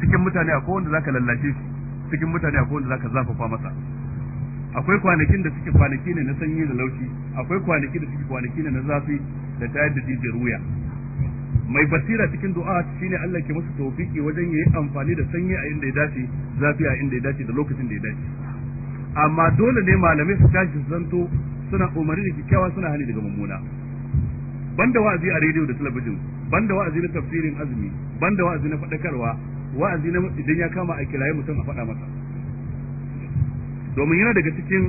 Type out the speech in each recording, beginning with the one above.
cikin mutane akwai za zaka lallace shi cikin mutane akwai wanda zaka zafafa masa akwai kwanakin da suke kwanaki ne na sanyi da laushi akwai kwanaki da suke kwanaki ne na zafi da tayar da jijiyar wuya mai basira cikin du'a shine Allah ke masa tawfiki wajen yayi amfani da sanyi a inda ya dace zafi a inda ya dace da lokacin da ya dace amma dole ne malamai su tashi zanto suna umarni da kyakkyawa suna hani daga mummuna banda wa'azi a rediyo da talabijin banda wa'azi na tafsirin azumi banda wa'azi na fadakarwa wa'azi na idan ya kama a kilaye mutum a faɗa masa domin yana daga cikin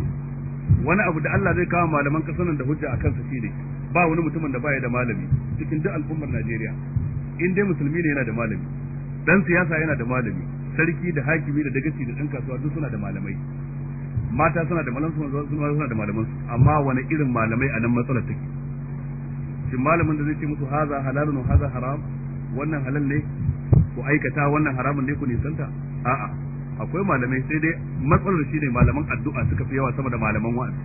wani abu da Allah zai kama malaman kasanan da hujja a kansa shi ne ba wani mutumin da baya da malami cikin duk al'ummar Najeriya in dai musulmi ne yana da malami dan siyasa yana da malami sarki da hakimi da dagaci da dan kasuwa duk suna da malamai mata suna da malaman su suna da malaman su amma wani irin malamai a nan matsalar take shin malamin da zai ce musu haza halalun haza haram wannan halal ne ku aikata wannan haramun ne ku nisanta a'a akwai malamai sai dai matsalar shine malaman addu'a suka fi yawa sama da malaman wa'azi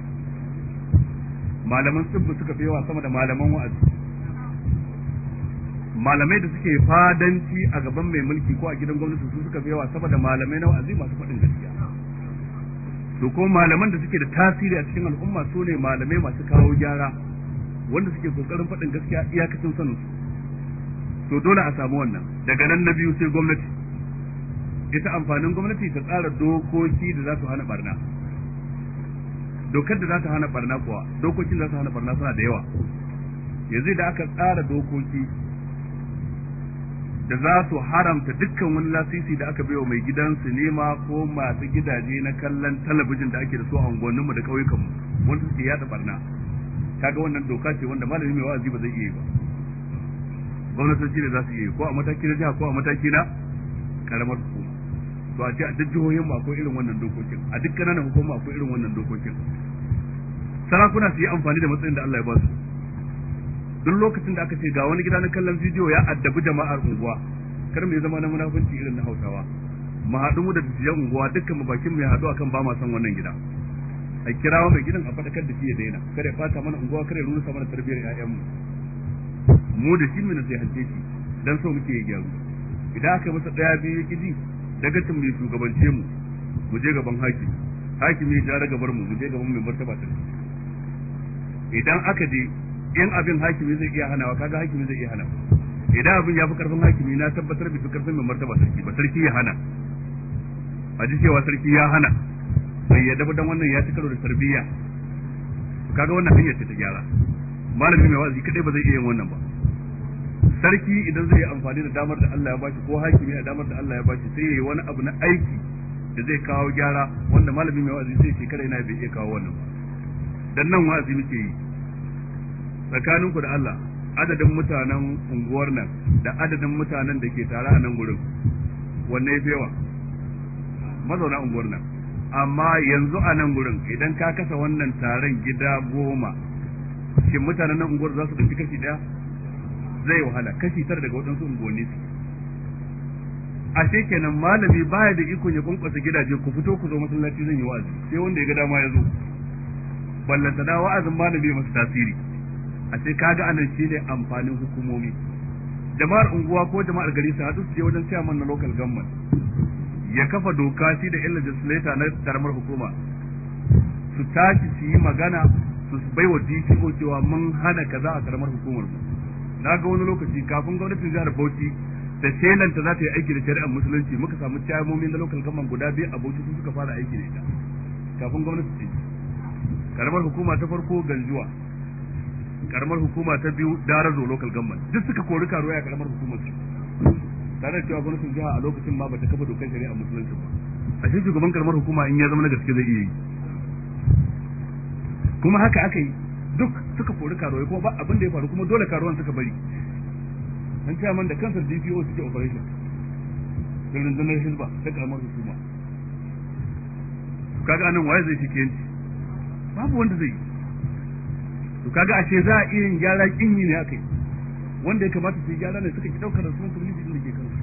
malaman sibbu suka fi yawa sama da malaman wa'azi malamai da suke fadanci a gaban mai mulki ko a gidan gwamnati su suka fi yawa sama da malamai na wa'azi masu faɗin gaskiya to ko malaman da suke da tasiri a cikin al'umma su ne malamai masu kawo gyara wanda suke kokarin faɗin gaskiya iyakacin sanin su to dole a samu wannan daga nan na biyu sai gwamnati ita amfanin gwamnati ta tsara dokoki da za su hana barna dokar da za ta hana barna kuwa dokokin da za su hana barna suna da yawa yanzu da aka tsara dokoki da za su haramta dukkan wani lasisi da aka baiwa mai gidan sinima ko masu gidaje na kallon talabijin da ake da su a unguwanninmu da ƙauyukanmu wanda suke yada barna kaga wannan doka ce wanda malami mai wa'azi ba zai iya yi ba gwamnatoci ne za su yi ko a mataki na jiha ko a mataki na karamar hukuma to a ce a duk jihohin ma akwai irin wannan dokokin a duk kananan hukuma akwai irin wannan dokokin sarakuna su yi amfani da matsayin da Allah ya ba su duk lokacin da aka ce ga wani gida na kallon bidiyo ya addabi jama'ar unguwa kar mu zama na munafunci irin na Hausawa mu haɗu mu da dattijan unguwa dukkan mu bakin mu ya haɗu akan ba ma san wannan gida a kirawo mai gidan a faɗakar da shi ya daina kada ya fata mana unguwa kada ya rusa mana tarbiyyar ƴaƴanmu. mu da shi mu hanke shi dan so muke ya gyaru idan aka masa daya biyu ya kiji daga tun mai shugabance mu mu je gaban haki haki ya jara gabar mu mu je gaban mai martaba ta idan aka je in abin hakimi zai iya hanawa kaga hakimi zai iya hana idan abin ya fi karfin hakimi na tabbatar bai fi karfin mai martaba sarki ba sarki ya hana a ji cewa sarki ya hana bai yadda ba dan wannan ya ci karo da tarbiyya kaga wannan hanyar ce ta gyara malami mai wazi kadai ba zai iya yin wannan ba sarki idan zai yi amfani da damar da Allah ya bashi ko hakimi da damar da Allah ya bashi sai yayi wani abu na aiki da zai kawo gyara wanda malami mai wa'azi sai shekara yana bai iya kawo wannan dan nan wa'azi muke yi tsakaninku da Allah adadin mutanen unguwar nan da adadin mutanen da ke tare a nan gurin wanne ya yawa mazauna unguwar nan amma yanzu a nan gurin idan ka kasa wannan taron gida goma shin mutanen nan unguwar za su ɗauki kashi ɗaya zai wahala kashi tara daga waɗansu unguwanni su ashe kenan malami baya da ikon ya kwankwasa gidaje ku fito ku zo masallaci zan yi wa'azi sai wanda ya ga dama ya zo ballanta da wa'azin malami masu tasiri ashe kaga anan shi ne amfanin hukumomi jama'ar unguwa ko jama'ar gari su haɗu su je wajen chairman na local government ya kafa doka shi da yan legislator na karamar hukuma su tashi su yi magana su bai wa DPO cewa mun hana kaza a karamar hukumar mu na ga wani lokaci kafin gwamnatin jihar Bauchi da shelanta za ta yi aiki da shari'ar musulunci muka samu cayamomi na local government guda biyu a Bauchi sun suka fara aiki da ita kafin gwamnati ce karamar hukuma ta farko ganjuwa karamar hukuma ta biyu darazo local government duk suka kori karuwa ya karamar hukumar su tare da cewa gwamnatin jiha a lokacin ma bata kafa dokar shari'a musulunci ba a shi shugaban karamar hukuma in ya zama na gaske zai iya yi kuma haka aka yi duk suka kori karuwai kuma ba abin da ya faru kuma dole karuwan suka bari an ce man da kansar DPO suke operation da rundunar hizba ta karamar hukuma su kaga anan waye zai shike yanci babu wanda zai su kaga ashe za a iya yin gyara kinyi ne yi wanda ya kamata su yi gyara ne suka ki daukar responsibility din da ke kansu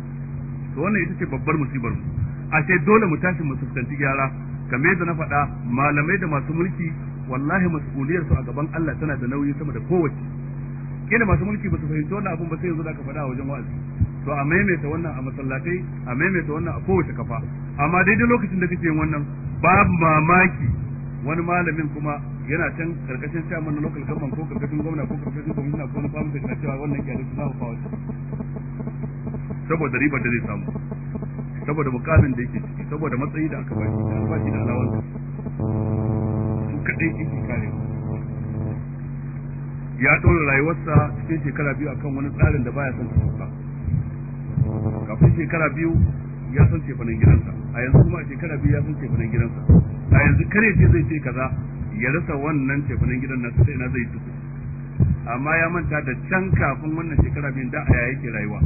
to wannan ita ce babbar musibar mu ashe dole mu tashi mu fuskanci gyara kamar yadda na faɗa malamai da masu mulki wallahi mas'uliyar su a gaban Allah tana da nauyi sama da kowace kina masu mulki ba su fahimci wannan abun ba sai yanzu da aka faɗa a wajen wa'azi to a maimaita wannan a masallatai a maimaita wannan a kowace kafa amma daidai lokacin da kake yin wannan babu mamaki wani malamin kuma yana can karkashin chairman na local government ko karkashin gwamna ko karkashin gwamna ko na famu da cewa wannan ke su zamu fawo saboda ribar da zai samu saboda mukamin da yake ciki saboda matsayi da aka bashi da albashi da alawansa kadai yake kare ya ɗora rayuwarsa cikin shekara biyu akan wani tsarin da baya son sauka kafin shekara biyu ya san cefanen gidansa a yanzu kuma a shekara biyu ya san cefanen gidansa a yanzu kare ce zai ce kaza ya rasa wannan cefanen gidan na, sai na zai tuku amma ya manta da can kafin wannan shekara biyu da aya yake rayuwa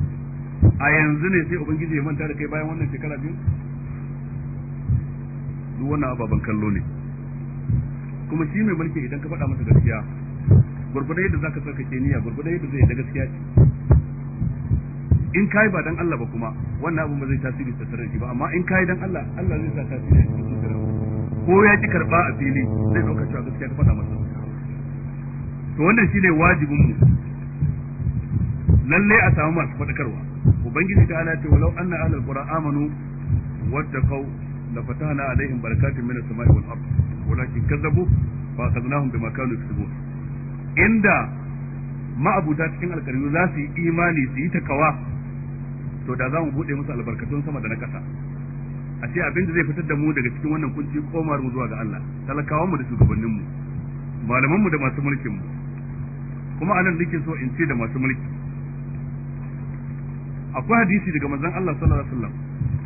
a yanzu ne sai ubangiji ya manta da kai bayan wannan shekara biyu duk wannan ababen kallo ne kuma shi mai mulki idan ka faɗa masa gaskiya gurgurda yadda zaka ke niyya gurgurai yadda zai da gaskiya ce. in kai ba dan Allah ba kuma wannan abu ba zai tasiri tattare da ba amma in kai dan Allah Allah zai sa tasiri cikin zuciyar ko ya ji karba a fili zai dauka cewa gaskiya ka faɗa masa to wannan shine wajibin mu lalle a samu masu fadakarwa ubangiji ta ala ce walau anna ahlul qura amanu wattaqau la fatahna alaihim barakatin minas sama'i wal ardh walakin kazzabu fa akhadnahum bima kanu yaksubun inda ma'abuta cikin alkaryu za su yi imani su yi takawa to da za mu bude musu albarkatun sama da na kasa a ce abin da zai fitar da mu daga cikin wannan kunci komar mu zuwa ga Allah talakawan mu da shugabannin mu malaman mu da masu mulkin mu kuma anan nake so in ce da masu mulki akwai hadisi daga manzon Allah sallallahu alaihi wasallam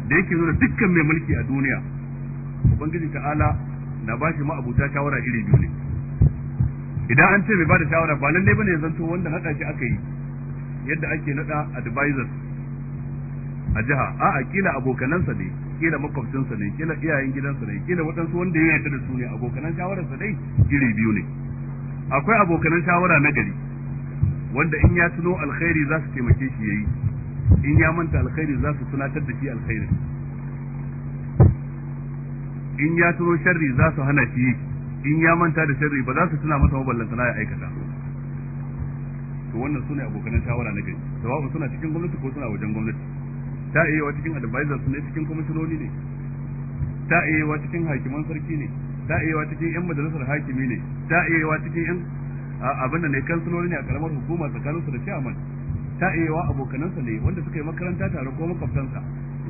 da yake nuna dukkan mai mulki a duniya ubangiji ta'ala na ba shi ma'abuta shawara iri biyu ne idan an ce bai bada shawara ba lalle bane zanto wanda nada shi aka yi yadda ake nada advisors a jiha a'a kila abokanansa ne kila makwabcinsa ne kila iyayen gidansa ne kila waɗansu wanda ya yarda da su ne abokanan shawararsa dai iri biyu ne akwai abokanan shawara na gari wanda in ya tuno alkhairi za su taimake shi yayi in ya manta alkhairi za su tunatar da shi alkhairi in ya turo sharri za su hana shi in ya manta da sharri ba za su tuna masa na ya aikata to wannan sune abokan shawara na gari sawa'un suna cikin gwamnati ko suna wajen gwamnati ta iya wa cikin su ne cikin kwamishinoni ne ta iya wa cikin hakiman sarki ne ta iya wa cikin yan majalisar hakimi ne ta iya wa cikin yan abin da ne kansiloli ne a karamar hukuma tsakaninsu da chairman ta iya wa abokanansa ne wanda suka yi makaranta tare ko makwabtansa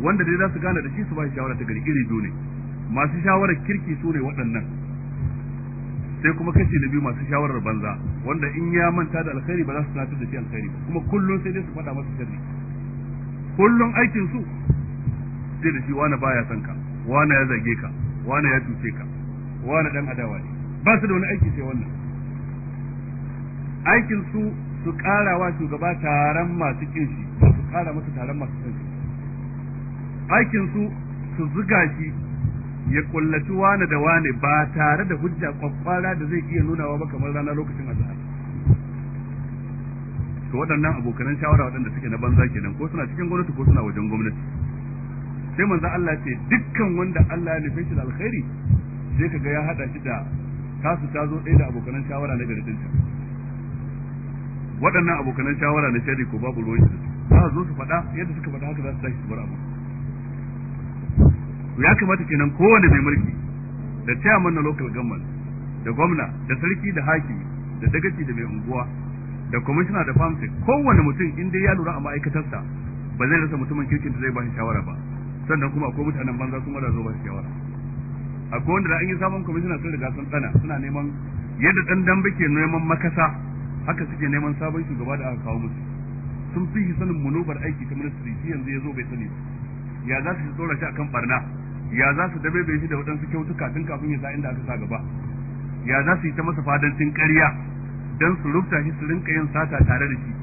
wanda dai za su gane da shi su ba shi shawara ta gari iri biyu ne masu shawarar kirki su ne waɗannan sai kuma kashi na biyu masu shawarar banza wanda in ya manta da alkhairi ba za su tunatar da shi alkhairi kuma kullum sai dai su faɗa masa sharri kullum aikin su sai da shi wani baya son ka wani ya zage ka wani ya cuce ka wani dan adawa ne ba su da wani aiki sai wannan aikin su su ƙara wa shugaba taron masu kin shi su ƙara masa taron masu kin shi aikin su su zuga shi ya kullaci wani da wani ba tare da hujja kwakwara da zai iya nunawa ba kamar rana lokacin azhar to waɗannan abokanan shawara waɗanda suke na banza kenan ko suna cikin gwamnati ko suna wajen gwamnati sai manzo Allah ce dukkan wanda Allah ya nufe shi da alkhairi sai kaga ya hada shi da kasu ta zo ɗaya da abokanan shawara na garin waɗannan abokanan shawara na shari'a ko babu ruwan shi za su zo su faɗa yadda suka faɗa haka za su tashi su bar abu ya kamata kenan kowane mai mulki da chairman na local government da gwamna da sarki da hakimi da dagaci da mai unguwa da kwamishina da famsin kowane mutum in dai ya lura a ma'aikatarsa ba zai rasa mutumin kirkin da zai ba shi shawara ba sannan kuma akwai mutanen banza kuma da zo ba shi shawara akwai wanda da an yi sabon commissioner sun riga sun tsana suna neman yadda dan dambe ke neman makasa haka suke neman sabon shugaba da aka kawo musu sun fi sanin munubar aiki ta ministry shi yanzu ya zo bai sani ya za su tsora shi akan barna ya za su dabe bai shi da waɗansu kyautuka tun kafin ya sa inda aka sa gaba ya za su yi ta masa fadancin ƙarya don su rubuta shi su rinka yin sata tare da shi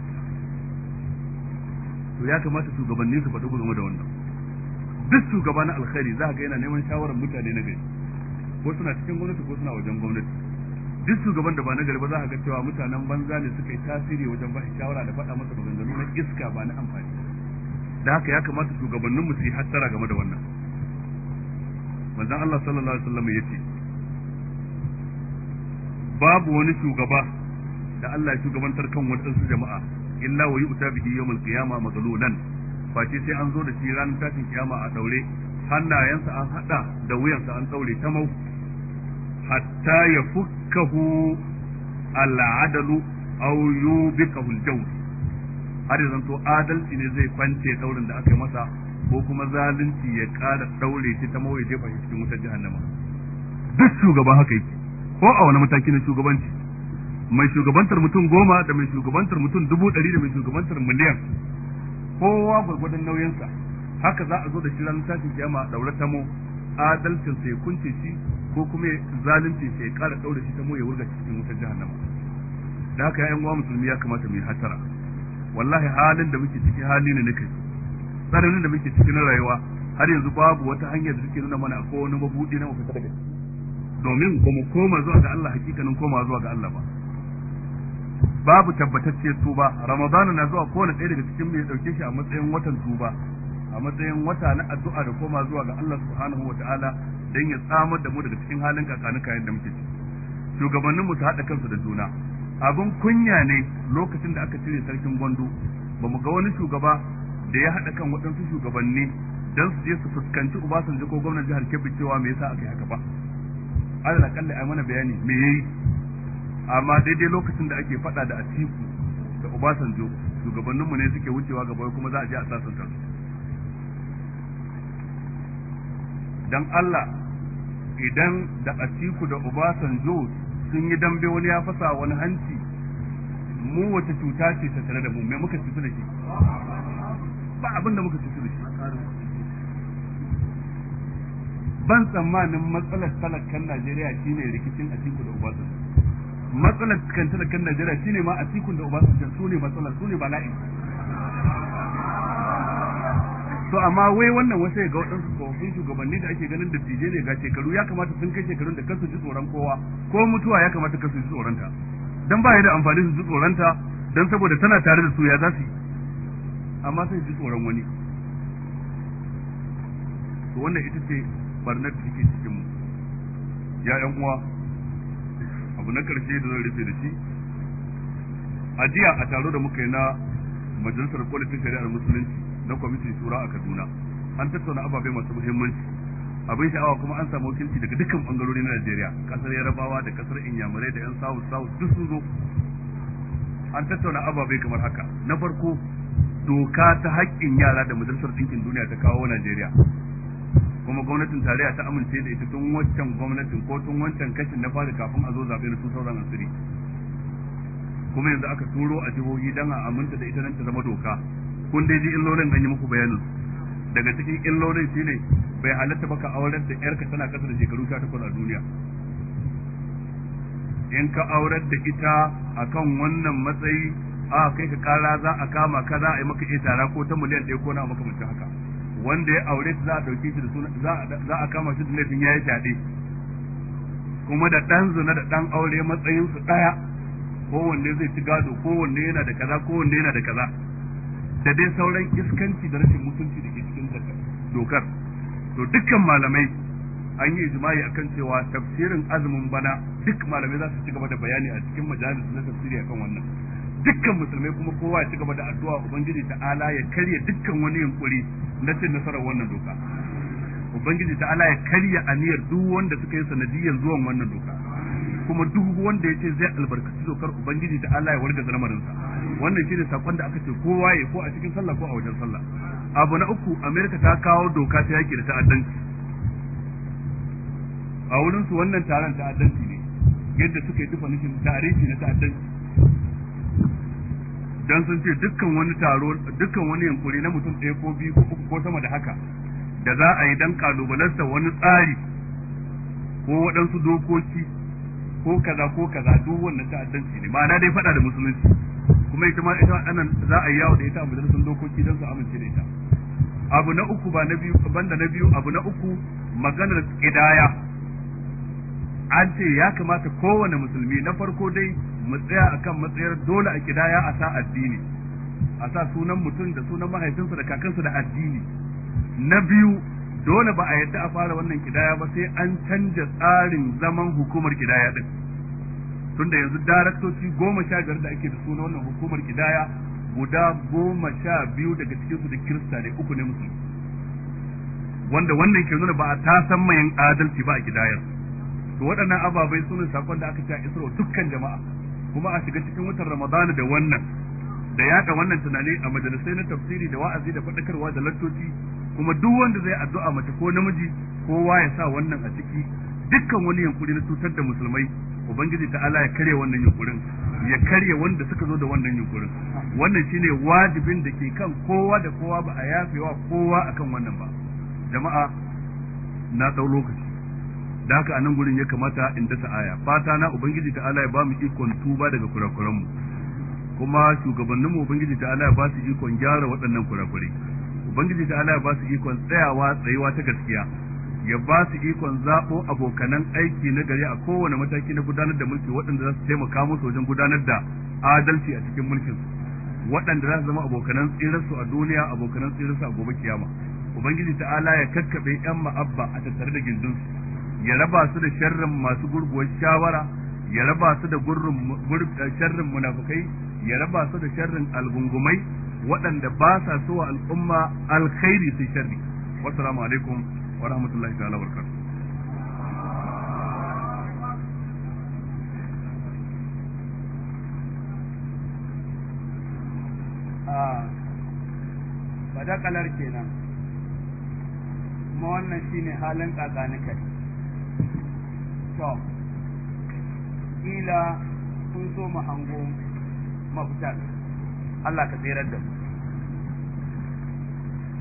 to ya kamata shugabanni su faɗi gudunmu da wannan duk shugaba na alkhairi za ga yana neman shawarar mutane na gari ko suna cikin gwamnati ko suna wajen gwamnati duk shugaban da ba na gari ba za a ga cewa mutanen banza ne suka yi tasiri wajen ba shi shawara da faɗa masa maganganu na iska ba na amfani da haka ya kamata shugabanninmu su yi hattara game da wannan manzan Allah sallallahu alaihi wasallam yace babu wani shugaba da Allah ya shugabantar kan wadansu jama'a illa wa yu'ta bihi yawmal kiyama maglulan face sai an zo da shi ranar tashin kiyama a daure hannayensa an hada da wuyansa an daure ta mau hatta ya fukkahu al'adalu aw yubikahu al-jawd har yanzu adalci ne zai kwance daurin da aka yi masa ko kuma zalunci ya ƙara daure shi ta mawai jefa shi cikin wutar jahannama duk shugaban haka yake ko a wani mataki na shugabanci mai shugabantar mutum goma da mai shugabantar mutum dubu ɗari da mai shugabantar miliyan kowa gwargwadon nauyinsa haka za a zo da shi ranar tashin kiyama daure ta mu adalcin sai kunce shi ko kuma zalunci sai ƙara daure shi ta mu ya wurga cikin wutar jahannama da haka ya'yan uwa musulmi ya kamata mu yi hatara wallahi halin da muke ciki hali ne na kai tsananin da muke cikin rayuwa har yanzu babu wata hanyar da take nuna mana akwai wani mabudi na mafita daga domin ba mu koma zuwa ga Allah hakikanin koma zuwa ga Allah ba babu tabbatacce tuba ramadana na zuwa kowane ɗaya daga cikin mai dauke shi a matsayin watan tuba a matsayin wata na addu'a da koma zuwa ga Allah subhanahu wataala dan ya tsamar da mu daga cikin halin kakanuka kayan da muke ciki shugabannin mu su haɗa kansu da juna abin kunya ne lokacin da aka cire sarkin gwandu ba mu ga wani shugaba da ya haɗa kan waɗansu shugabanni don su je su fuskanci Obasanjo ko gwamnan jihar Kebbi cewa me yasa aka yi haka ba Allah akalla ai mana bayani me yayi amma daidai lokacin da ake faɗa da Atiku da Obasanjo shugabanninmu ne suke wucewa gaba kuma za a je a sasan su dan Allah idan da Atiku da Obasanjo sun yi dambe wani ya fasa wani hanci mu wace cuta ce ta tare da mu me muka cutu da shi ba abin da muka ci da shi ban tsammanin matsalar talakan Najeriya shine rikicin Atiku da Obasan matsalar kan talakan Najeriya shine ma cikin da Obasan su ne matsalar su ne bala'i to amma wai wannan wasu ga waɗansu tsofaffin shugabanni da ake ganin da fije ne ga shekaru ya kamata sun kai shekarun da kansu ji tsoron kowa ko mutuwa ya kamata kansu ji tsoronta dan ba ya da amfani su ji tsoronta dan saboda tana tare da su ya za su yi amma sai ji tsoron wani to wannan ita ce barnar da take cikin mu ya yan uwa abu na karshe da zan rufe da shi a jiya a taro da muka yi na majalisar kwalitin shari'ar musulunci na kwamitin shura a kaduna an tattauna ababe masu muhimmanci abin sha'awa kuma an samu wakilci daga dukkan bangarori na najeriya kasar yarabawa da kasar inyamurai da yan sawu sawu duk sun zo an tattauna ababe kamar haka na farko doka ta haƙƙin yara da majalisar ɗinkin duniya ta kawo Najeriya kuma gwamnatin tarayya ta amince da ita tun wancan gwamnatin ko tun wancan kashin na fara kafin a zo zaɓe na sauran asiri kuma yanzu aka turo a jihohi don a aminta da ita nan ta zama doka kun dai ji illolin an yi muku bayanin daga cikin illolin ne, bai halatta baka auren da yarka tana ƙasa da shekaru takwas a duniya in ka aurar da ita akan wannan matsayi a kai ka kara za a kama ka za a yi maka itara ko ta miliyan ɗaya ko na maka mutum haka wanda ya aure za a ɗauki shi da suna za a kama shi da laifin ya yi fyaɗe kuma da ɗan zina da ɗan aure matsayinsu ɗaya kowanne zai ci gado kowanne yana da kaza kowanne yana da kaza da dai sauran iskanci da rashin mutunci da ke cikin dokar to dukkan malamai an yi ijma'i akan cewa tafsirin azumin bana duk malamai za su ci gaba da bayani a cikin majalis na tafsiri akan wannan dukkan musulmai kuma kowa ya ci gaba da addu'a ubangiji ta'ala ya karya dukkan wani yunkuri na cin nasarar wannan doka ubangiji ta'ala ya karya aniyar duk wanda suka yi sanadiyar zuwan wannan doka kuma duk wanda ya ce zai albarkaci dokar ubangiji da Allah ya warga sa wannan shine sakon da aka ce kowa ya ko a cikin sallah ko a wajen sallah abu na uku America ta kawo doka ta yaki da ta'addanci a wurin su wannan taron ta'addanci ne yadda suka yi definition tarihi na ta'addanci dan sun ce dukkan wani taro dukkan wani yankuri na mutum ɗaya ko biyu ko uku ko sama da haka da za a yi dan kalubalarsa wani tsari ko waɗansu dokoki ko kaza ko kaza duk wannan ta'addanci ne ma'ana dai faɗa da musulunci kuma ita ma ita anan za a yi yawo da ita a majalisar dokoki don su amince da ita abu na uku ba na biyu banda na biyu abu na uku maganar kidaya an ce ya kamata kowane musulmi na farko dai mu tsaya akan matsayar dole a kidaya a sa addini a sa sunan mutum da sunan mahaifinsa da kakansa da addini na biyu dole ba a yadda a fara wannan kidaya ba sai an canja tsarin zaman hukumar kidaya din tunda yanzu daraktoci goma sha biyar da ake da suna wannan hukumar kidaya guda goma sha biyu daga cikinsu da kirista ne uku ne musulmi wanda wannan ke nuna ba a tasan mayan adalci ba a kidayar to waɗannan ababai suna sakon da aka ci a isra dukkan jama'a kuma a shiga cikin watan ramadana da wannan da yaɗa wannan tunani a majalisai na tafsiri da wa'azi da faɗakarwa da lattoci kuma duk wanda zai addu'a mace ko namiji kowa ya sa wannan a ciki dukkan wani yankuri na cutar da musulmai ubangiji ta Allah ya karya wannan yunkurin ya karya wanda suka zo da wannan yunkurin wannan shine wajibin da ke kan kowa da kowa ba a yafewa kowa akan wannan ba jama'a na dau lokaci da haka anan gurin ya kamata in dasa aya fata na ubangiji ta Allah ya ba mu ikon tuba daga kurakuran mu kuma shugabanninmu ubangiji ta Allah ya ba su ikon gyara waɗannan kurakure ubangiji ta Allah ya ba su ikon tsayawa tsayuwa ta gaskiya ya ba su ikon zabo abokanan aiki na gari a kowane mataki na gudanar da mulki waɗanda za su taimaka musu wajen gudanar da adalci a cikin mulkin waɗanda za su zama abokanan tsirarsu a duniya abokanan tsirarsu a gobe kiyama ubangiji ta'ala ya kakkaɓe yan ma'abba a tattare da gindinsu ya raba su da sharrin masu gurguwar shawara ya raba su da eh, sharrin munafukai ya raba su da sharrin algungumai waɗanda ba sa so wa al'umma alkhairi sai sharri wassalamu alaikum wa rahmatullahi ta'ala wa barakatuh ah, badakalar kenan kuma wannan shine halin kai. to kila kun so mu hango mafitar Allah ka tsirar da mu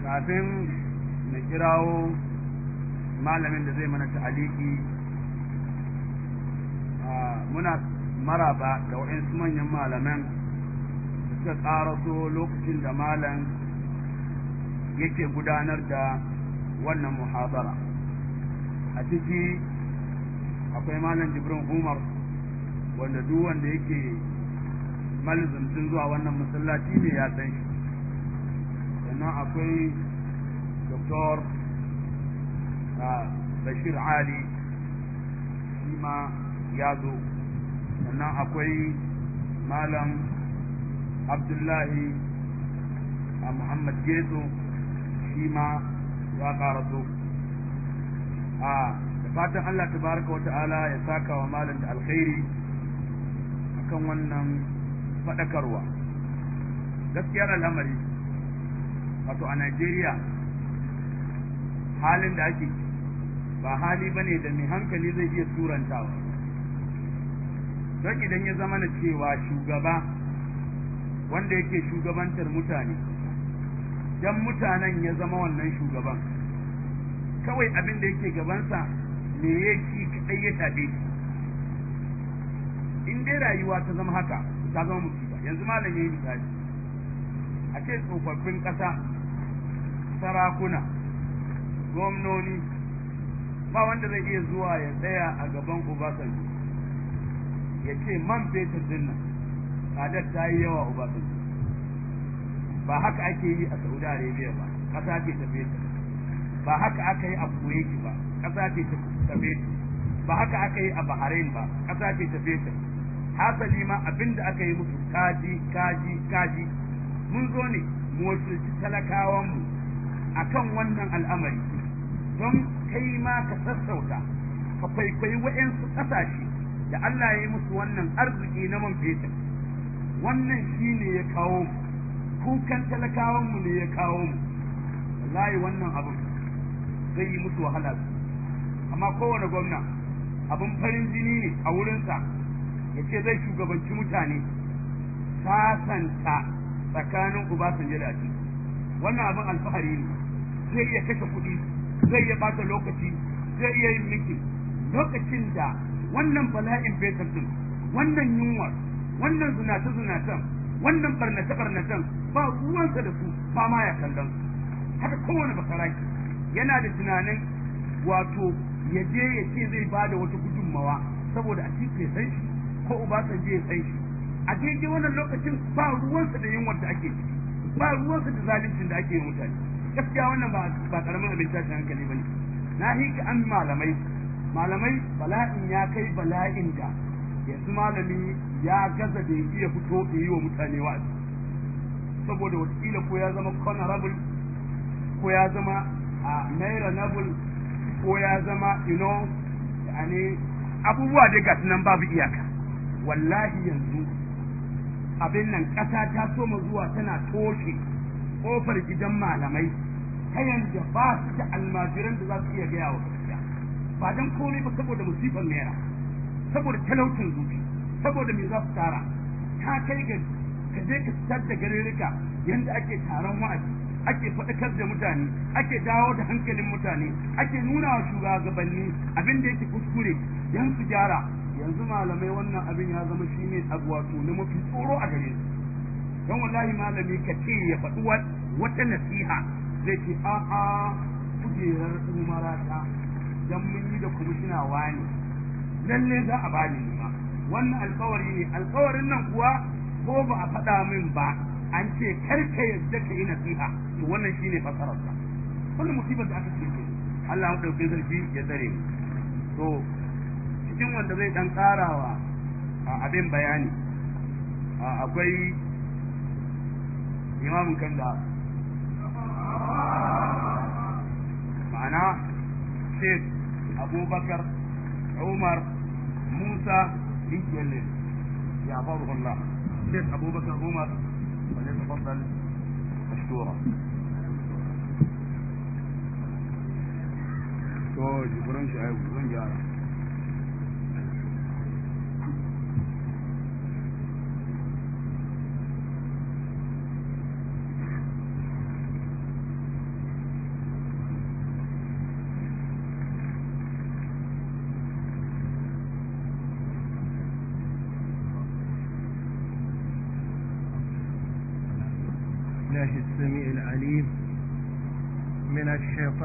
kafin na kirawo malamin da zai mana ta'aliki muna maraba da waɗansu manyan malaman da suka ƙaraso lokacin da malam yake gudanar da wannan muhabara a ciki akwai malam jibrin umar wanda duk wanda yake sun zuwa wannan masallaci ne ya san shi sannan akwai doktor bashir ali shi ma ya zo sannan akwai malam abdullahi a muhammad gezo shi ma ya ƙaraso a fatan Allah tabaraka wata'ala ya saka wa malam da alkhairi akan wannan faɗakarwa gaskiyar al'amari wato a Najeriya halin da ake ba hali ba ne da mai hankali zai iya turantawa don idan ya zama na cewa shugaba wanda yake shugabantar mutane dan mutanen ya zama wannan shugaban kawai abin da yake gabansa me ya shi kaɗai ya shafe shi in dai rayuwa ta zama haka ta zama musiba yanzu malam ya yi misali a ce tsofaffin ƙasa sarakuna gwamnoni ba wanda zai iya zuwa ya tsaya a gaban Obasanjo ya ce man fetur dinnan. tsadar ta yi yawa Obasanjo ba haka ake yi a Saudi Arabia ba ƙasa ce ta fetur ba haka aka yi a Kuwait ba ƙasa ce ta fetur ba haka aka yi a Bahrain ba ƙasa ce ta fetur hasali ma abinda aka yi musu kaji kaji kaji mun zo ne mu wasu talakawan mu akan wannan al'amari don kai ma ka sassauta ka kwaikwayi wa'yansu ƙasashe da Allah ya yi musu wannan arziki na man fetur wannan shi ne ya kawo mu kukan talakawan ne ya kawo mu wallahi wannan abin zai yi musu wahala amma kowane gwamna abin farin jini ne a wurinsa ya ce zai shugabanci mutane sasanta tsakanin san da Atiku wannan abin alfahari ne zai iya kashe kuɗi zai iya bata lokaci zai iya yin miki lokacin da wannan bala'in fetur din wannan yunwar wannan zunata-zunatan wannan barnace-barnacen ba ruwansa da su ba ma ya kallon haka kowane basaraki yana da tunanin wato ya je ya ce zai ba da wata gudunmawa saboda a cikin san shi ko uba Obasanjo ya san shi a daidai wannan lokacin ba ruwansa da yin wanda ake ciki ba ruwansa da zaluncin da ake yi mutane gaskiya wannan ba karamin abin tashin hankali bane na hika an malamai malamai bala'in ya kai bala'in da yanzu malami ya gaza da iya fito da yi wa mutane wa'azi saboda wataƙila ko ya zama honorable ko ya zama a naira nabul ko ya zama you know yani abubuwa dai gasu nan babu iyaka wallahi yanzu abin nan ƙasa ta soma zuwa tana toshe ƙofar gidan malamai ta yanda ba su da almajiran da za su iya gaya wa gaskiya ba dan komai ba saboda musibar naira saboda talaucin zuci saboda me za su tara ta kai ga ka je ka fitar da garurruka yanda ake taron wa'azi ake faɗakar da mutane ake dawo da hankalin mutane ake nuna wa shugabanni abin da yake kuskure yan su gyara yanzu malamai wannan abin ya zama shine wato na mafi tsoro a gare su don wallahi malami ka ce ya faɗi wata nasiha zai ce a'a kujerar umarata ta dan mun yi da kwamishina wani lalle za a bani nima wannan alkawari ne alkawarin nan kuwa ko ba a faɗa min ba an ce karka yadda ka yi nasiha to wannan shine fasarar sa wannan musibar da aka ce Allah ya dauke sarki ya tsare mu to cikin wanda zai dan karawa abin bayani akwai imamun kanda ma'ana sheikh abubakar umar musa ikele ya faru Allah sheikh abubakar umar وليتفضل مشكورا to jiburan a ayyukan gyara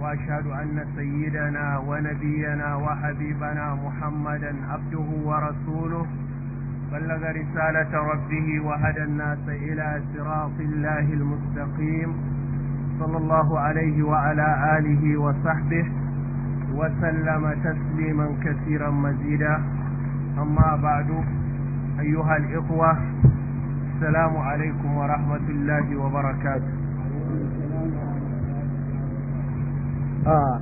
واشهد ان سيدنا ونبينا وحبيبنا محمدا عبده ورسوله بلغ رساله ربه وهدى الناس الى صراط الله المستقيم صلى الله عليه وعلى اله وصحبه وسلم تسليما كثيرا مزيدا اما بعد ايها الاخوه السلام عليكم ورحمه الله وبركاته a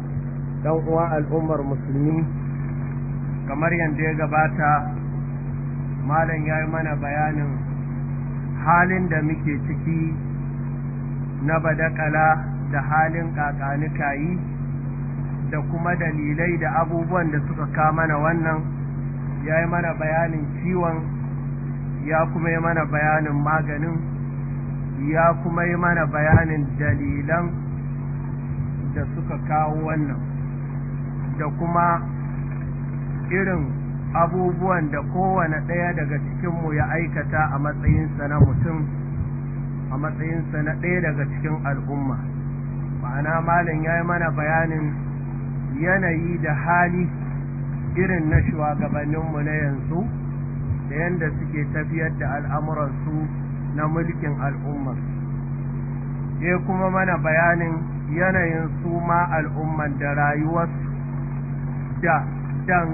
dan uwa al'ummar musulmi kamar yadda ya gabata malam ya yi mana bayanin halin da muke ciki na badakala da halin kakanikayi da kuma dalilai da abubuwan da suka mana wannan ya yi mana bayanin ciwon ya kuma yi mana bayanin maganin ya kuma yi mana bayanin dalilan da suka kawo wannan da kuma irin abubuwan da kowane ɗaya daga cikinmu ya aikata a matsayinsa na mutum a matsayinsa na ɗaya daga cikin al'umma ma'ana malin ya yi mana bayanin yanayi da hali irin na shugabanninmu na yanzu da yadda suke tafiyar da al'amuransu na mulkin al'ummar ya kuma mana bayanin yanayin suma al'umman da rayuwarsu da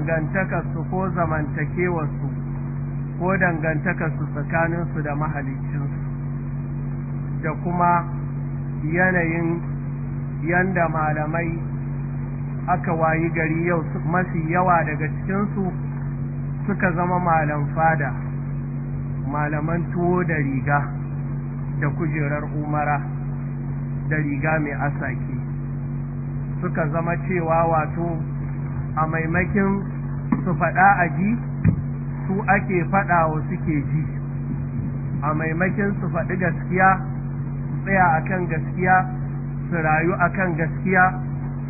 dangantakarsu ko zamantakewarsu ko dangantakarsu tsakaninsu da mahalicinsu da kuma yanayin yanda malamai aka wayi gari yau mafi yawa daga cikinsu suka zama malam fada malaman tuwo da riga da kujerar umara da riga mai asaki suka zama cewa wato a maimakin su faɗa a ji su ake faɗawa suke ji a maimakin su faɗi gaskiya tsaya a kan gaskiya su rayu a kan gaskiya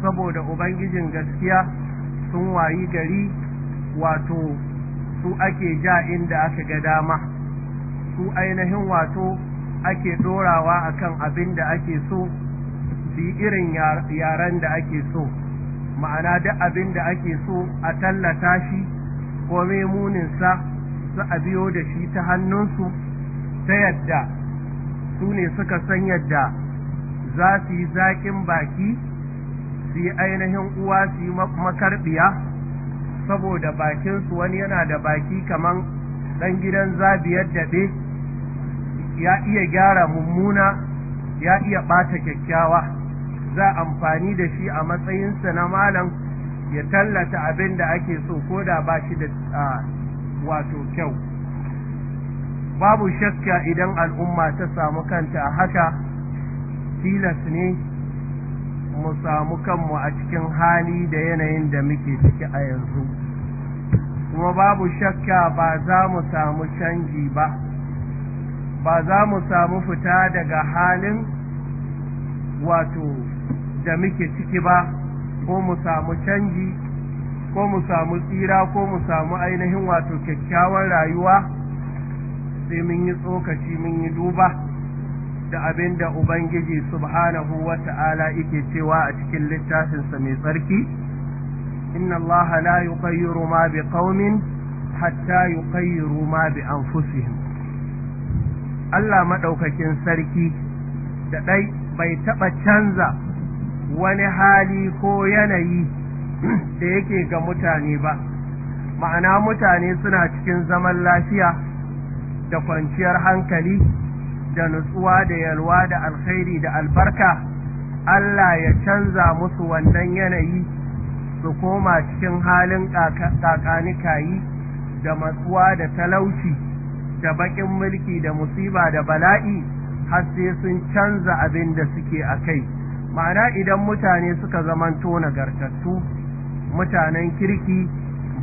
saboda ubangijin gaskiya sun wayi gari wato su ake ja inda aka ga dama su ainihin wato ake dorawa akan abin da ake so su irin yaren da ake so ma'ana duk abin da ake so a tallata shi ko sa su a biyo da shi ta hannunsu ta yadda su ne suka san yadda za su yi zaƙin baki su yi ainihin uwa su yi makarbiya saboda bakinsu wani yana da baki kaman ɗan gidan zabi yadda daɗe ya iya gyara mummuna ya iya ɓata kyakkyawa za amfani da shi a matsayinsa na malam ya tallata abin da ake so ko da ba shi da wato kyau babu shakka idan al'umma ta samu kanta a haka tilas ne mu samu kanmu a cikin hali da yanayin da muke ciki a yanzu kuma babu shakka ba za mu samu canji ba ba za mu samu fita daga halin wato da muke ciki ba ko mu samu canji ko mu samu tsira ko mu samu ainihin wato kyakkyawan rayuwa sai mun yi tsokaci mun yi duba da abin da ubangiji subhanahu wa ta'ala yake cewa a cikin littafinsa mai tsarki inna allaha la yuqayyiru ma bi biqaumin hatta yuqayyiru ma bi anfusihim Allah maɗaukakin sarki da ɗai bai taɓa canza wani hali ko yanayi da yake ga mutane ba ma'ana mutane suna cikin zaman lafiya da kwanciyar hankali da nutsuwa da yalwa da alkhairi da albarka Allah ya canza musu wannan yanayi su koma cikin halin kakanikayi da matsuwa da talauci da bakin mulki da musiba da bala'i har sai sun canza abin da suke a kai ma'ana idan mutane suka zamanto gartattu, mutanen kirki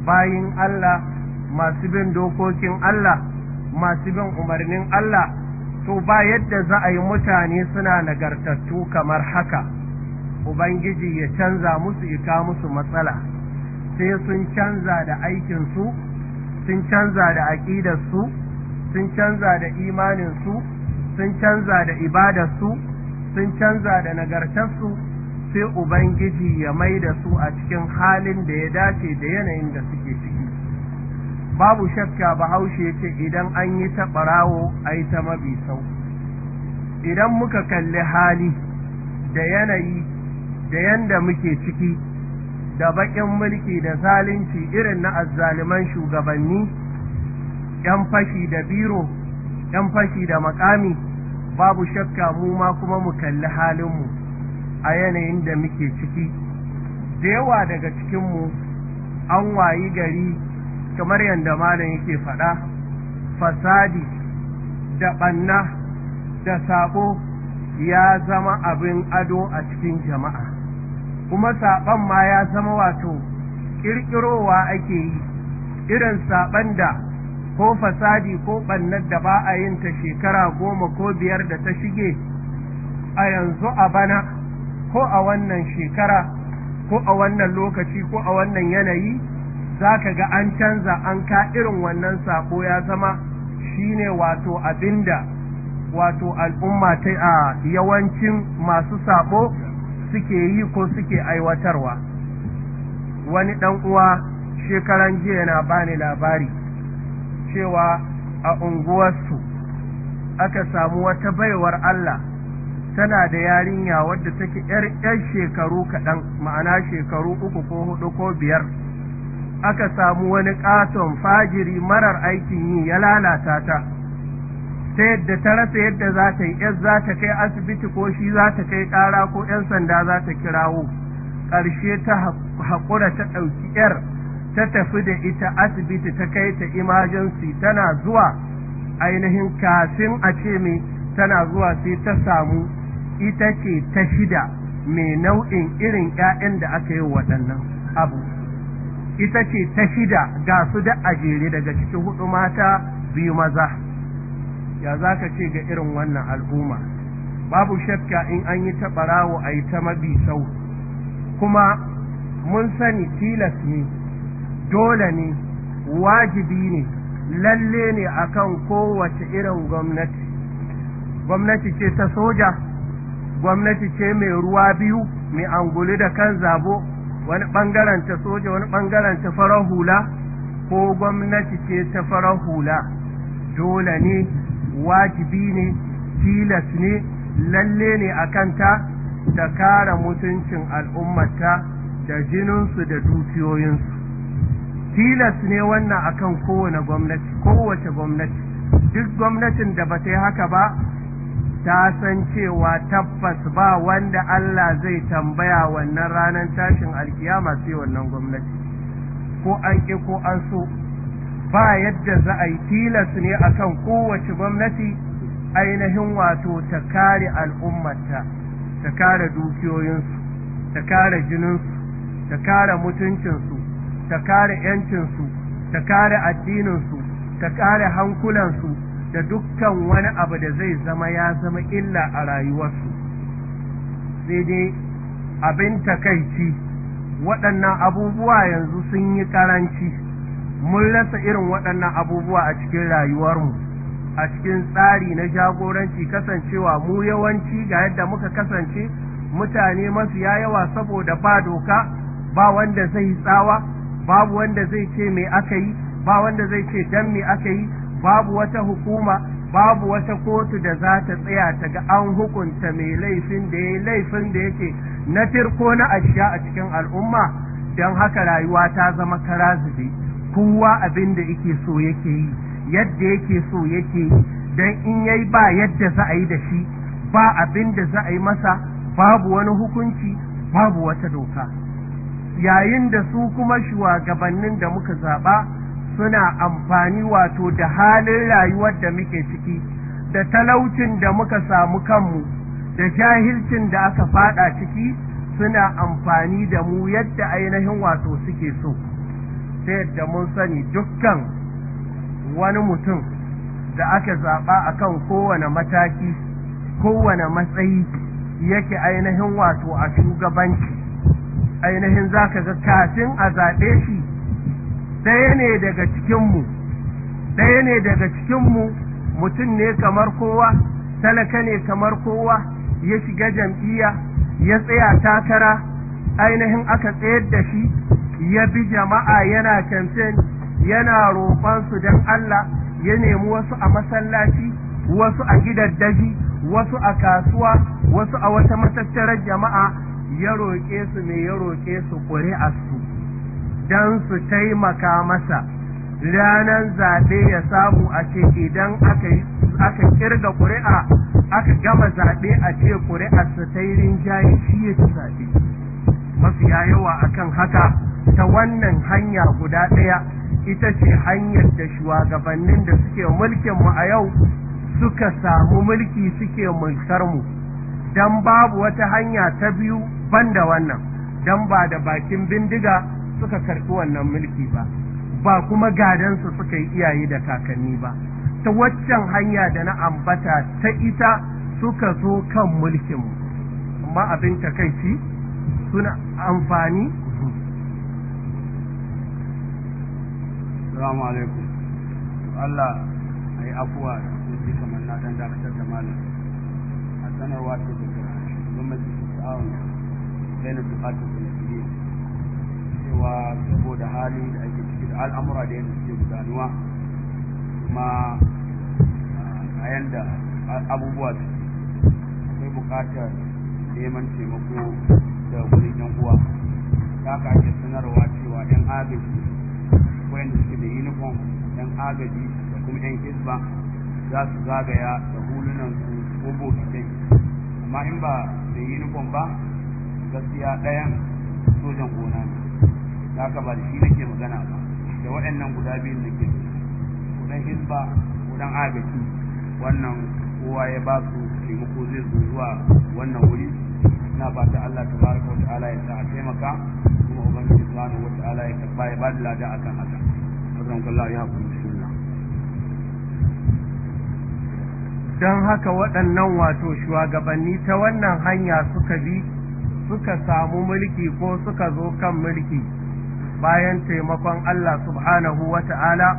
bayin Allah masu bin dokokin Allah masu bin umarnin Allah to ba yadda za a yi mutane suna nagartattu kamar haka ubangiji ya canza musu ita musu matsala sai sun canza da aikinsu sun canza da aƙidarsu sun canza da imaninsu sun canza da ibadarsu sun canza da nagartarsu sai ubangiji ya mai da su a cikin halin da ya dace da yanayin da suke ciki babu shakka bahaushe ce idan an yi ta ɓarawo a yi ta mabi sau idan muka kalli hali da yanayi da yanda muke ciki da baƙin mulki da zalunci irin na azzaliman shugabanni 'yan fashi da biro 'yan fashi da makami babu shakka mu ma kuma mu kalli halinmu a yanayin da muke ciki da yawa daga cikinmu an wayi gari kamar yadda malam yake faɗa fasadi da ɓanna da saɓo ya zama abin ado a cikin jama'a kuma saɓon ma ya zama wato ƙirƙirowa ake yi irin saɓon da ko fasadi ko ɓannar da ba a yin ta shekara goma ko biyar da ta shige a yanzu a bana ko a wannan shekara ko a wannan lokaci ko a wannan yanayi za ka ga an canza an ka irin wannan sako ya zama shine wato abinda wato al'umma ta a yawancin masu sako suke yi ko suke aiwatarwa wani ɗan uwa shekaran jiya na bani labari cewa a unguwarsu aka samu wata baiwar Allah tana da yarinya wadda take yar yar shekaru kaɗan ma'ana shekaru uku ko hudu ko biyar aka samu wani ƙaton fajiri marar aikin yi ya lalata ta ta yadda ta rasa yadda za ta yi ƴar za ta kai asibiti ko shi za ta kai ƙara ko ƴan sanda za ta kirawo ƙarshe ta haƙura ta ɗauki ƴar. ta tafi da ita asibiti ta kai ta emergency tana zuwa ainihin kafin a ce mai tana zuwa sai ta samu ita ce ta shida mai nau'in irin 'ya'yan da aka yi waɗannan abu ita ce ta shida ga su da ajere daga cikin hudu mata biyu maza ya za ka ce ga irin wannan al'umma babu shakka in an yi ta ɓarawo a yi ta mabi sau kuma mun sani tilas ne dole ne wajibi ne lalle ne akan kowace irin gwamnati gwamnati ce ta soja gwamnati ce mai ruwa biyu mai angulu da kan zabo wani bangaren ta soja wani bangaren ta farar hula ko gwamnati ce ta farar hula dole ne wajibi ne tilas ne lalle ne a kanta da kara mutuncin al'ummata da jininsu da dukiyoyinsu tilas ne wannan akan kowane gwamnati kowace gwamnati duk gwamnatin da ba ta yi haka ba ta san cewa tabbas ba wanda Allah zai tambaya wannan ranar tashin alkiyama sai wannan gwamnati ko an ƙi ko an so ba yadda za a yi tilas ne akan kowace gwamnati ainihin wato ta kare al'ummata ta kare dukiyoyinsu ta kare jininsu ta kare mutuncinsu ta kare yancinsu ta kare addininsu ta kare hankulansu da dukkan wani abu da zai zama ya zama illa a rayuwarsu sai dai abin takaici waɗannan abubuwa yanzu sun yi karanci mun rasa irin waɗannan abubuwa a cikin rayuwarmu a cikin tsari na jagoranci kasancewa mu yawanci ga yadda muka kasance mutane masu yawa saboda ba doka ba wanda zai tsawa babu wanda zai ce me aka yi ba wanda zai ce dan me aka yi babu wata hukuma babu wata kotu da za ta tsaya ta ga an hukunta mai laifin da ya laifin da yake na tirko na ashiya a cikin al'umma don haka rayuwa ta zama karazibi kowa abin da yake so yake yi yadda yake so yake yi don in yayi ba yadda za a yi da shi ba abin da za a yi masa babu wani hukunci babu wata doka yayin da su kuma shugabannin da muka zaba suna amfani wato da halin rayuwar da muke ciki da talaucin da muka samu kanmu da jahilcin da aka fada ciki suna amfani da mu yadda ainihin wato suke so sai yadda mun sani dukkan wani mutum da aka zaɓa akan kowane mataki kowane matsayi yake ainihin wato a shugabanci ainihin za ka ga kafin a zaɓe shi ɗaya ne daga cikinmu ɗaya ne daga cikinmu mutum ne kamar kowa talaka ne kamar kowa ya shiga jam'iyya ya tsaya takara ainihin aka tsayar da shi ya bi jama'a yana kamfen yana roƙonsu don Allah ya nemi wasu a masallaci wasu a gidan daji wasu a kasuwa wasu a wata matattarar jama'a ya roƙe su ne ya roƙe su ƙuri'arsu don su taimaka masa ranar zaɓe ya samu a ce idan aka kirga ƙuri'a aka gama zaɓe a ce ƙuri'arsu ta yi rinjaye shi ya ci zaɓe mafiya yawa akan haka ta wannan hanya guda ɗaya ita ce hanyar da shugabannin da suke mulkinmu a yau suka samu mulki suke mulkarmu mu dan babu wata hanya ta biyu banda wannan dan ba da bakin bindiga suka karɓi wannan mulki ba ba kuma gadansu suka yi iyaye da kakanni ba ta waccan hanya da na ambata ta ita suka zo kan mulkinmu amma abin takaici suna amfani Assalamu alaikum Allah a yi afuwa da kamar na dan dakatar da malam a sanarwa ta بين da والمسلمين cewa saboda hali da ake ciki da al'amura da yadda suke gudanuwa kuma a yanda abubuwa su akwai buƙatar neman taimako da wurin yan uwa ta ka ake sanarwa cewa yan agaji da suke da uniform yan agaji da kuma yan kisba za su zagaya da hulunan su ko bokitai amma in ba yi uniform ba gaskiya ɗayan sojan gona ne da aka ba da shi nake magana ba da waɗannan guda biyun da ke kudan hisba kudan agaji wannan kowa ya ba su taimako zai zo zuwa wannan wuri na ba ta Allah ta baraka wa ta'ala ya sa a taimaka kuma ubangiji subhanahu wa ta'ala ya karba ya ba da lada akan haka azan kullahu ya hakuri don haka waɗannan wato shugabanni ta wannan hanya suka bi suka samu mulki ko suka zo kan mulki bayan taimakon Allah subhanahu wa ta'ala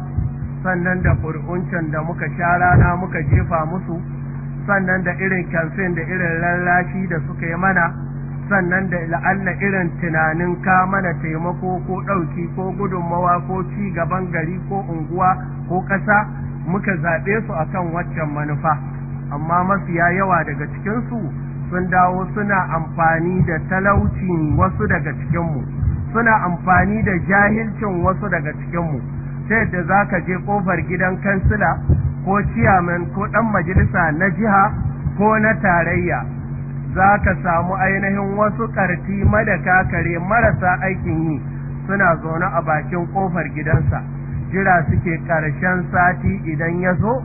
sannan da ƙur'uncan da muka sha rana muka jefa musu sannan da irin kyamfen da irin lallashi da suka yi mana sannan da la'alla irin tunanin ka mana taimako ko ɗauki ko gudunmawa ko ci gaban gari ko unguwa ko ƙasa muka zaɓe su a kan waccan manufa amma mafiya yawa daga cikinsu sun dawo suna amfani da talaucin wasu daga cikinmu suna amfani da jahilcin wasu daga cikinmu ta yadda za ka je ƙofar gidan kansila ko ciyaman ko ɗan majalisa na jiha ko na tarayya za ka samu ainihin wasu ƙarti madaka kare marasa aikin yi suna zaune a bakin ƙofar gidansa jira suke ƙarshen sati idan ya zo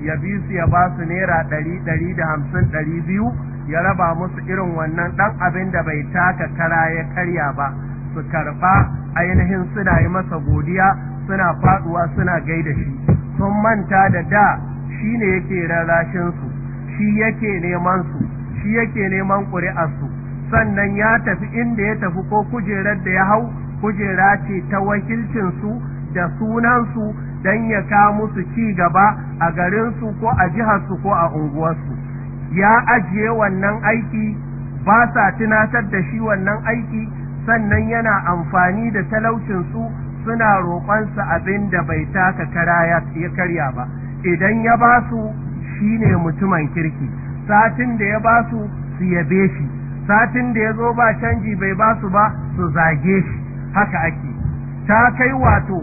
ya bi su ya ba su naira ɗari ɗari da hamsin ɗari biyu ya raba musu irin wannan ɗan abin da bai taka kara ya karya ba su karɓa ainihin suna yi masa godiya suna faɗuwa suna gaida shi sun manta da da shi ne yake rarrashin su shi yake neman su shi yake neman ƙuri'arsu sannan ya tafi inda ya tafi ko kujerar da ya hau kujera ce ta wakilcin su da sunansu don ya ka musu ci gaba a garinsu ko a jiharsu ko a unguwarsu ya ajiye wannan aiki ba sa tunatar da shi wannan aiki sannan yana amfani da talaucinsu suna roƙonsa abin da bai taka kara ya karya ba idan ya ba su shi ne mutumin kirki satin da ya ba su su yabe shi satin da ya zo ba canji bai ba su ba su zage shi haka ake ta kai wato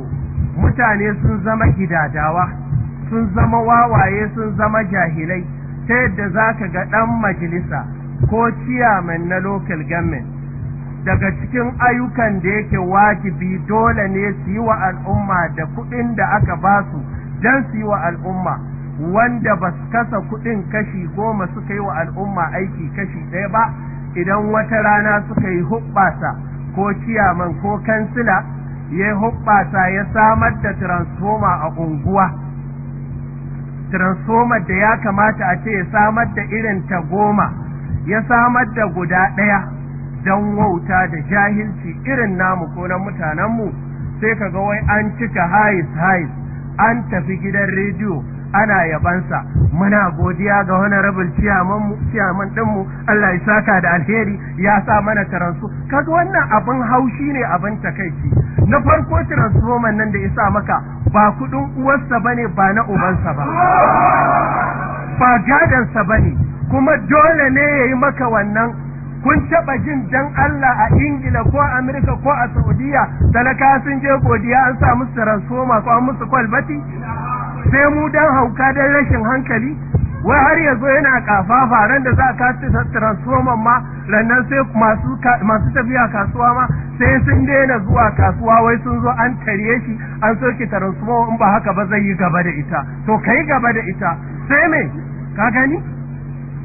mutane sun zama gidadawa sun zama wawaye sun zama jahilai ta yadda za ka ga ɗan majalisa ko ciyaman na local government daga cikin ayyukan da yake wajibi dole ne su yi wa al'umma da kuɗin da aka ba su don su yi wa al'umma wanda ba su kasa kuɗin kashi goma suka yi wa al'umma aiki kashi ɗaya ba idan wata rana suka yi hubbasa ko ciyaman ko kansila ya hoɓɓasa ya samar da transformer a unguwa transformer da ya kamata a ce ya samar da irin ta goma ya samar da guda ɗaya don wauta da jahilci irin namu ko na mutanenmu sai kaga wai an cika hais hais an tafi gidan rediyo ana yabansa muna godiya ga wani rabin ciyaman ɗinmu Allah ya saka da alheri ya sa mana taransu kaga wannan abin haushi ne abin takaici na farko transformer nan da ya maka ba kuɗin uwarsa bane ba na ubansa ba ba gadansa bane kuma dole ne ya yi maka wannan kun taɓa jin dan Allah a Ingila ko Amerika ko a Saudiya talaka sun je godiya an sa musu transformer ko an musu kwalbati sai mu dan hauka dan rashin hankali wai har ya yana kafafa ran da za ka transformer ma rannan sai masu masu tafiya kasuwa ma sai sun daina zuwa kasuwa wai sun zo an tare shi an soke transformer in ba haka ba zai yi gaba da ita to kai gaba da ita sai me ka gani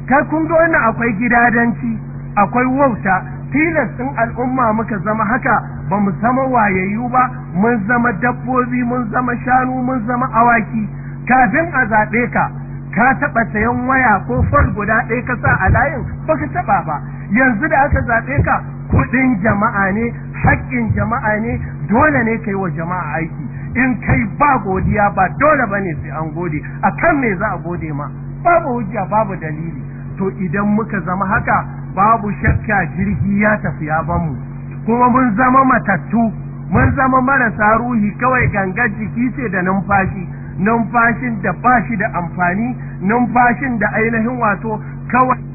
kai kun ga wannan akwai gidadanci akwai wauta tilas din al'umma muka zama haka ba mu zama wayayyu ba mun zama dabbobi mun zama shanu mun zama awaki kafin a zaɓe ka ka taɓa sayan waya ko fol guda ɗaya ka sa a layin ba ka taɓa ba yanzu da aka zaɓe ka kuɗin jama'a ne haƙƙin jama'a ne dole ne ka yi wa jama'a aiki in kai ba godiya ba dole ba ne sai an gode a kan me za a gode ma babu hujja babu dalili to idan muka zama haka babu shakka jirgi ya tafi ya bamu kuma mun zama matattu mun zama marasa ruhi kawai gangar jiki ce da numfashi numfashin da ba shi da amfani numfashin da ainihin wato kawai